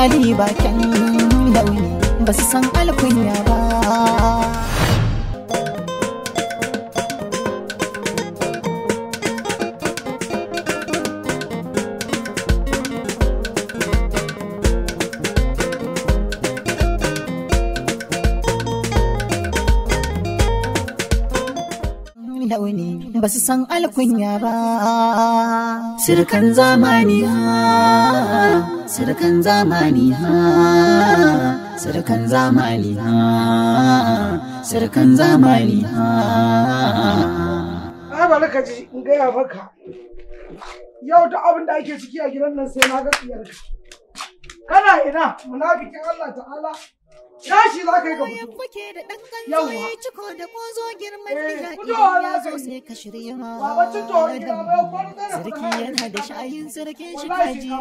hali bakin launi ba su san alkunya ba launi ba su san alkunya ba. Sirkan zamani sadakan zamani ha sadakan zamani ha sadakan zamani ha a baraka ji in gaya baka yau da abin da ake ciki a gidan nan sai na ga tsiyarka kana ina munafikin Allah ta'ala tashi za ka yi ka fito. Yawwa. Eh, sarki yana da sha'ayin sarkin shi kaji,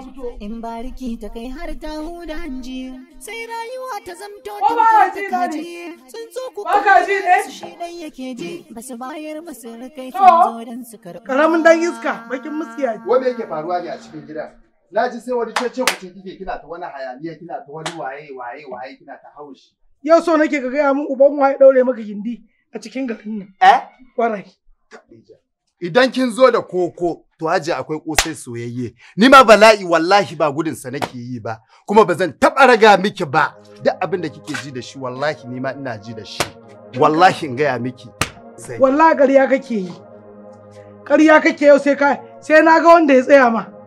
in bariki ta kai har ta huda hanji, sai rayuwa ta zamto ta kaji, tsuntsu kuka shi ɗan yake ji, ba su bayar ba su rikai sun zo don su karɓi. Ƙaramin dan iska, bakin muskiya. Wanda yake faruwa ne a cikin gida? na ji sai wani cece ku ce kike kina ta wani hayaniya kina ta wani waye waye waye kina ta haushi yau so nake ka gaya min uban waye daure maka gindi a cikin garin nan eh kwarai idan kin zo da koko to haji akwai kosai soyayye ni ma bala'i wallahi ba gudun sa nake yi ba kuma ba zan taba raga miki ba duk abin da kike ji da shi wallahi ni ma ina ji da shi wallahi in gaya miki wallahi ƙarya kake yi ƙarya kake yau sai ka sai na ga wanda ya tsaya ma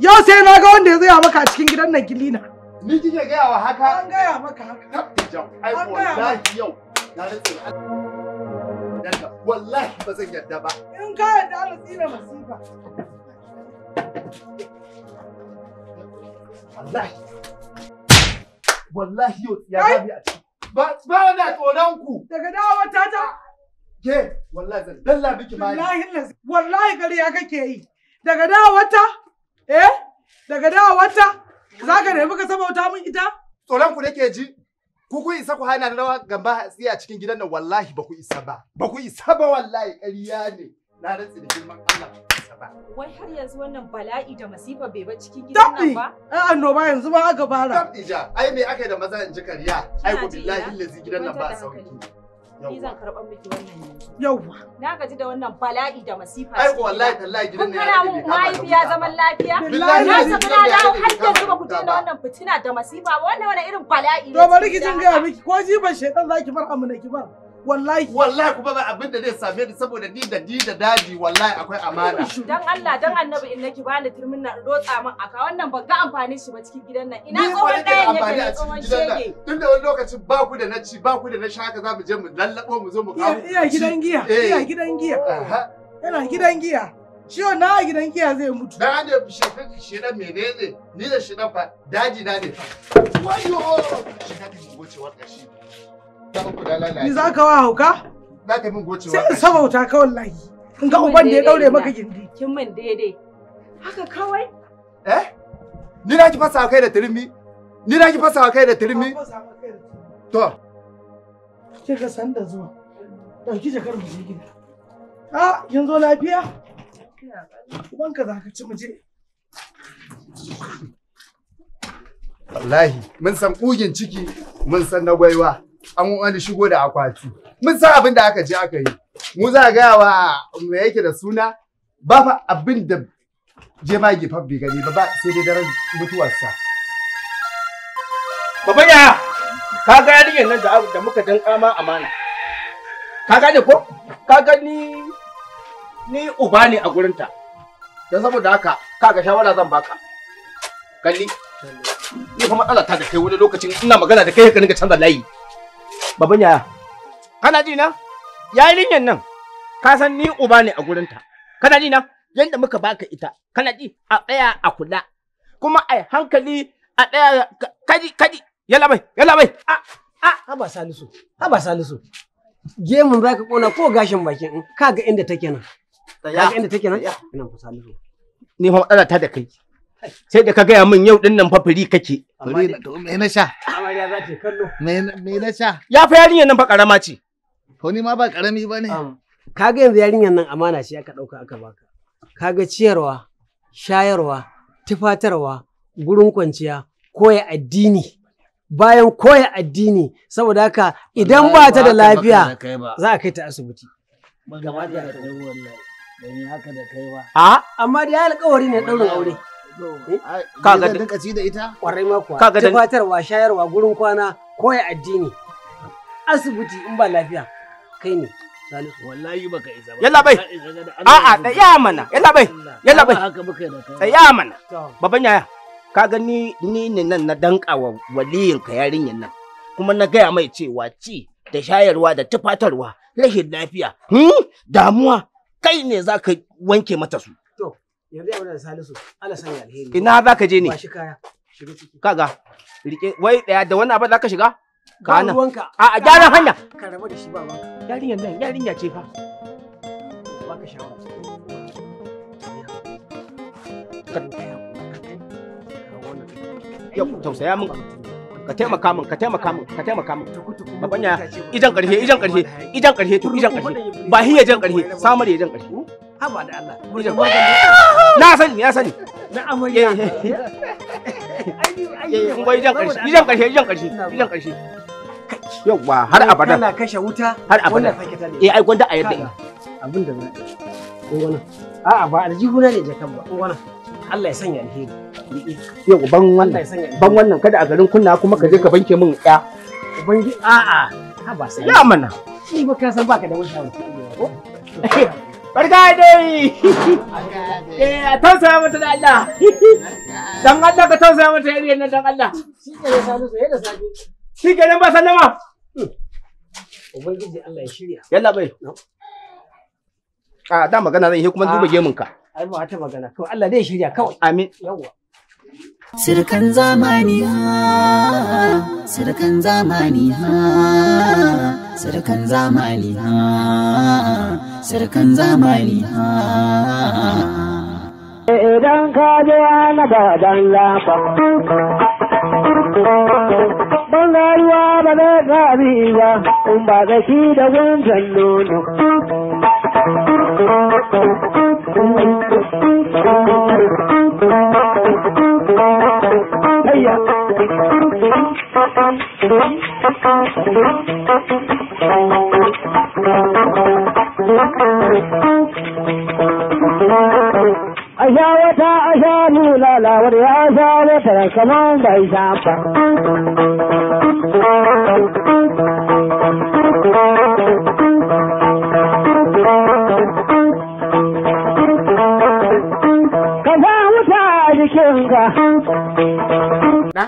Yau sai na ga wanda ya tsaya maka a cikin gidan nan gilina. Ni kike gaya wa haka? An gaya maka haka. Ai wallahi yau na rantsi Allah. Wallahi ba zan yarda ba. In ka yarda Allah tsira masifa. Wallahi. Wallahi yau ya gami a ciki. Ba ba na tsoron ku. Daga dawowa ta ta. Ke wallahi zan dalla miki mali. Wallahi gari ya kake yi. Daga dawowa ta. eh daga dawowarta za ka nemi ka sabauta min ita tsoron ku nake ji ku ku isa ku hana rawa gamba hatsi a cikin gidan nan wallahi ba ku isa ba ba ku isa ba wallahi ƙarya ne na rantsi da girman Allah Wai har yanzu wannan bala'i da masifa bai ba cikin gidan nan ba? Ai annoba yanzu ba aka fara. Tabbi ja, ai me aka yi da maza in ji kariya? Ai ku billahi lazi gidan nan ba a sauki. Ni zan karɓar miki wannan yanzu. Yawwa. Na gaji da wannan bala'i da masifa. Ai wallahi tallahi gidan ne. Kun kana mun mahaifiya zaman lafiya. Na saka na da har yanzu ba ku daina wannan fitina da masifa wannan wani irin bala'i. ne. To bari ki jin gaya miki ko jiban shedan zaki bar amuna ki bar. wallahi wallahi kuma ba abin da zai same ni saboda ni da ni da daji wallahi akwai amana dan Allah dan annabi in nake ba ni turmin nan rotsa min aka wannan ba ga amfani shi ba cikin gidan nan ina tsohon ɗayan yake da tsohon shege tunda wani lokacin ba ku da na ci ba ku da na sha haka za mu je mu lallabo mu zo mu kawo eh. iya gidan giya iya gidan giya yana gidan giya shi na a gidan giya zai mutu da ne shekar shirin menene ni da shirin fa daji na ne fa wayo shi ka ta goce wata shi Ni za ka wa hauka? Za ka min gocewa. Sai in sabauta ka wallahi. In ga uban da ya daure maka gindi. Kin min daidai. Haka kawai? Eh? Ni na ki fasa kai da turmi. Ni na ki fasa kai da turmi. To. Ke ka san da zuwa. Dauki jakar mu je gida. Ah, kin zo lafiya? Uban ka za ka ci mu je. Wallahi, mun san kugin ciki, mun san na gwaiwa. an wani shigo da akwati mun san abin da aka je aka yi mu za ga wa me yake da suna ba fa abin da jemage fa bai gani ba ba sai dai daren mutuwarsa baba ya ka ga yarinyar nan da muka dan ma amana ka gane ko ka gani ni uba ne a gurin ta? Dan saboda haka kaga shawara zan baka kalli ni fa matsala ta da kai wani lokacin ina magana da kai ka ringa canza layi baban yaya kana ji na yarinyan nan ka san ni uba ne a gurinta kana ji na yanda muka baka ita kana ji a tsaya a kula kuma a hankali a tsaya kadi kadi yalla bai yalla bai a a haba salisu haba salisu gemun ka kona ko gashin bakin kaga inda take nan kaga inda take nan ina fa salisu ni fa matsala ta da kai sai da ka gaya min yau din nan fa firi kake me na sha amarya za ta kallo me na sha ya fa yarinyar nan fa karama ce to ni ma ba karami ba ne ka ga yanzu yarinyar nan amana ce aka dauka aka baka ka ga ciyarwa shayarwa tufatarwa gurin kwanciya koya addini bayan koya addini saboda haka idan ba ta da lafiya za a kai ta asibiti A, amma da ya alkawari ne ɗaurin aure. kaga da kaci da ita kwarai ma kuwa kaga tufatarwa shayarwa gurin kwana koya addini asibiti in ba lafiya kai ne wallahi baka isa ba yalla bai a da ya mana yalla bai yalla bai da kai ya mana baban yaya kaga ni ni ne nan na wa waliyin ka yarinyan nan kuma na gaya mai cewa ci da shayarwa da tufatarwa rashin lafiya hmm, damuwa kai ne za ka wanke mata su yanzu yau da salisu ala sanya alheri ina za ka je ne ba shi kaya shiga ciki kaga rike wai daya da wannan abin za ka shiga ka nan a a gyaran hanya ka rabu da shi ba ba yarinyar nan yarinya ce fa ba ka shawara ya tausaya min ka taimaka min ka taimaka min ka taimaka min babanya idan karhe idan karhe idan karhe to idan karhe ba hiya jan karhe samar ya jan karhe haba da Allah murja barkan na sani na sani na amarya eh, eh, eh. in Yi jan ƙarshe, yi jan karshe jan karshe jan karshe yawa har abada kana kashe wuta har abada eh ai gwanda a yadda abin da zai ko a'a ba aljihuna ne jakan ba ko wannan Allah ya sanya alheri yau ban wannan ban wannan kada a garin kunna kuma ka je ka banke min ya ubangi a'a ha ba sai ya mana ni ba ka san baka da wani shawara Barka dai! Eh, a tausaya mata da Allah. Dan Allah ka tausaya mata yariyar nan dan Allah. Shi ke da sanu sai da safe. Shi ke nan ba sallama. Ubangiji Allah ya shirya. Yalla bai. A da magana zan yi kuma duba ah. gemun ka. Ai ta magana. To Allah shirya kawai. Amin. Yawwa. Sirkan zamani. sarkan zamani ha sarkan zamani ha sarkan zamani ha idan ka je na dan lafa bangaruwa ba zai gabi ba in ba da shi da gunjan nono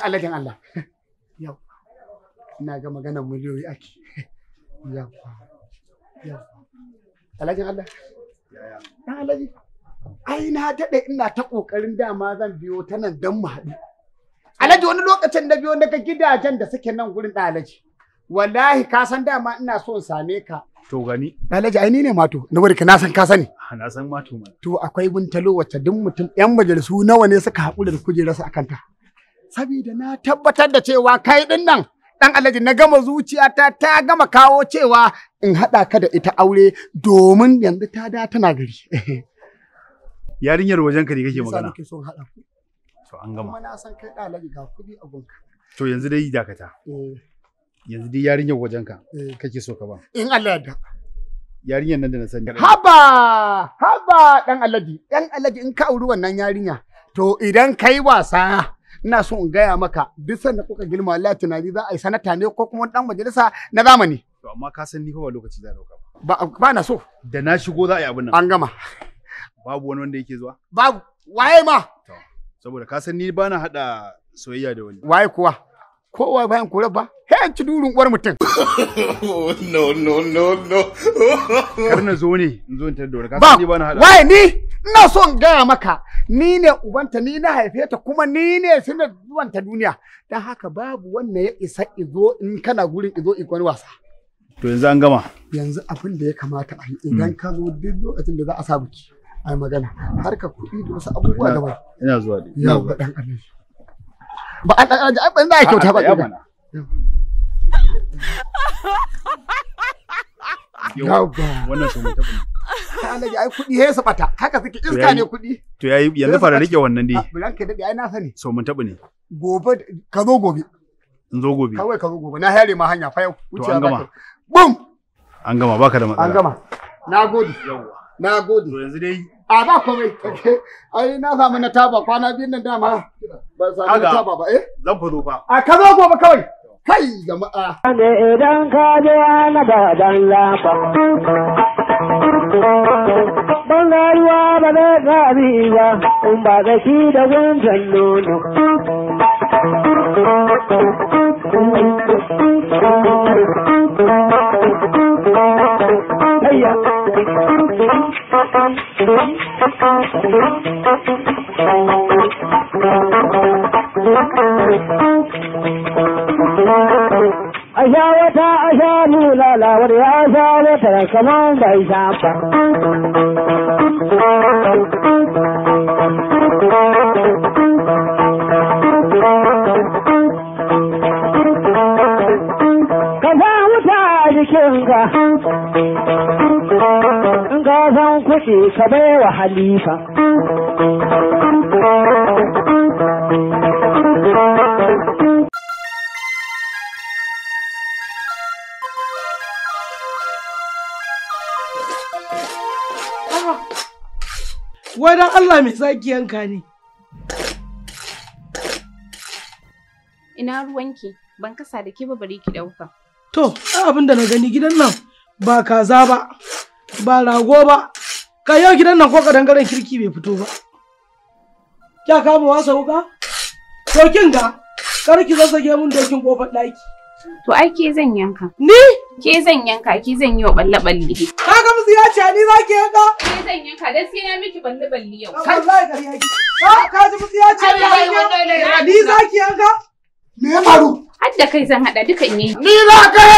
aladen Allah yau ina ga magana miliyoyi ake yau yau aladen Allah ya alaji ai na daɗe ina ta ƙoƙarin dama zan biyo ta nan don mu haɗu alaji wani lokacin da biyo daga gidajen da suke nan gurin da alaji wallahi ka san dama ina so in same ka to gani alaji ai ni ne to. na bari ka na san ka sani ah, na san ma to akwai buntalo wacce duk mutum yan majalisu nawa ne suka haƙura da kujerarsa akan ta saboda na tabbatar da cewa kai din nan dan alhaji na gama zuciyata ta gama kawo cewa in haɗa ka da ita aure domin yanzu ta da tana gari. Yarinyar wajen ka ne kake magana. To an gama. Kuma na san kai da alaji ga kudi a gunka. To yanzu dai dakata. Eh. Yanzu dai yarinyar wajen ka eh. kake so ka ba. In Allah da. Yarinyar nan da na sani. Haba! Haba dan alaji dan alhaji in ka auri wannan yarinya. To idan kai wasa ina so in gaya maka duk sanda kuka girma wallahi tunani za a yi sanata ne ko kuma dan majalisa na zamani to amma ka san ni fa lokaci za dauka ba ba na so da na shigo za a yi abin nan an gama babu wani wanda yake zuwa babu waye ma saboda ka san ni ba na hada soyayya da wani waye kuwa kowa bayan kura ba hayan ci durin uwar mutum no no no no kar na zo ne in zo in tarar ka ni ba na hada wai ni ina son ga gaya maka ni ne ubanta ni na haife ta kuma ni ne sinar zuwan ta duniya dan haka babu wanda ya isa izo in kana gurin izo in kwani wasa to yanzu an gama yanzu abin da ya kamata a yi idan mm. ka zo duk lokacin da za a sa biki ai magana Har ka kuɗi da wasu abubuwa daban ina zuwa da yawa dan Allah ba a ɗan an ban da kyauta ba kyauta yawa wannan sun mutum alaji ai kuɗi ya sabata haka suke iska ne kuɗi to yayi yanzu fara rike wannan dai ranka dade ai na sani so mun tabu ne gobe ka zo gobe in zo gobe kawai ka zo gobe na hare ma hanya fa wuce an bum an gama baka da matsala an gama nagode yawa nagode to yanzu dai A ba komai. Ai na samu na taba kwana biyun nan dama. Ba samu na taba ba eh? Zan fito fa. A ka zo gobe kawai. Kai jama'a. Ne idan ka je na ba dan lafa. Bangaruwa ba da gari ba, in ba da shi da gunjan nono. Hayya. أشاوتا أشابو لا لا ودي ce ka baiwa halifa Wai Allah mai zaki yanka ne. Ina ruwanki, ban kasa da ke ba bari ki ɗauka. To, abin da na gani gidan nan ba kaza ba, ba rago ba, Ka yau gidan nan ko kadangaren kirki bai fito ba. Kya kama wasa wuka? To kin ga, kar ki zazzage mun dokin kofar ɗaki. To ai ke zan yanka. Ni? Ke zan yanka, ke zan yi wa balle balle. Ka ga musu ya ce ni za ki yanka? Ke zan yanka, dan sai na miki balle balle yau. Wallahi kariya ha Ka ji musu ya ce ni za yanka? Ni za ki yanka? Me ya faru? Har da kai zan hada dukan yayi. Ni za ka?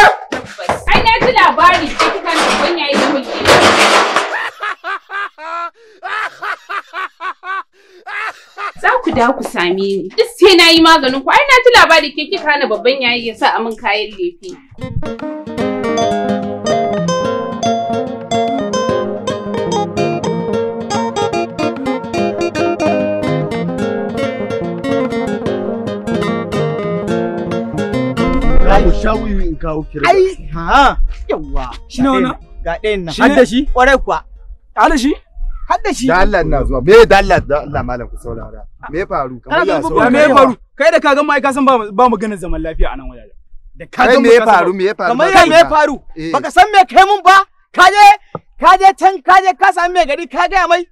Ai na ji da ku same ni duk sai na yi maganin ku ai na ji labari ke kika hana babban yayi ya sa amin kayan lefe. Ku sha wuyu in kawo kira. Ai, ha, yawa. Shi na wannan? Ga ɗayan nan. Har da shi? Ƙwarai kuwa. Har da shi? har da shi da Allah ina zuwa me da Allah da Allah malam ku saurara me faru kamar ya so me faru kai da kagan ga mai ka san ba ba ganin zaman lafiya a nan wajen da ka ga me ya faru me ya faru kamar ya me ya faru eh. baka san me kai mun ba ka je can ka je ka sami mai gari ka ga mai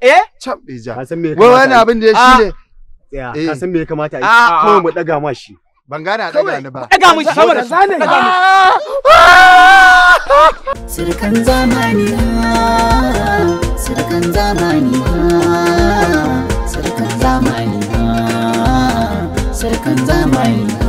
eh can bija eh, ka san me wai wani abin da ya ah. shi ne eh. ka san me ya kamata a yi ah, ah, mu daga ma shi ban gana daga ni ba daga mu shi sama da zane sirkan zamani sarkan zamani sarkan zamani sarkan zamani